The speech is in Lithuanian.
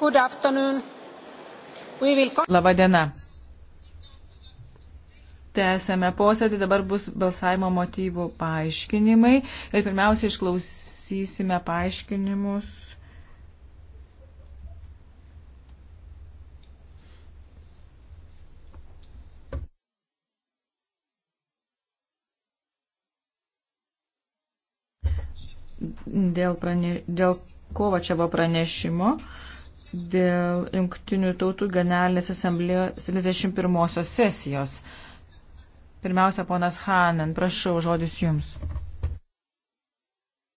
Good afternoon. We will... Labą dieną. Tęsėme posėdį, dabar bus balsavimo motyvų paaiškinimai ir pirmiausia išklausysime paaiškinimus. Dėl, prane, dėl Kovačiavo pranešimo dėl Junktinių tautų generalinės asamblėjos 71 sesijos. Pirmiausia, ponas Hanen, prašau, žodis jums.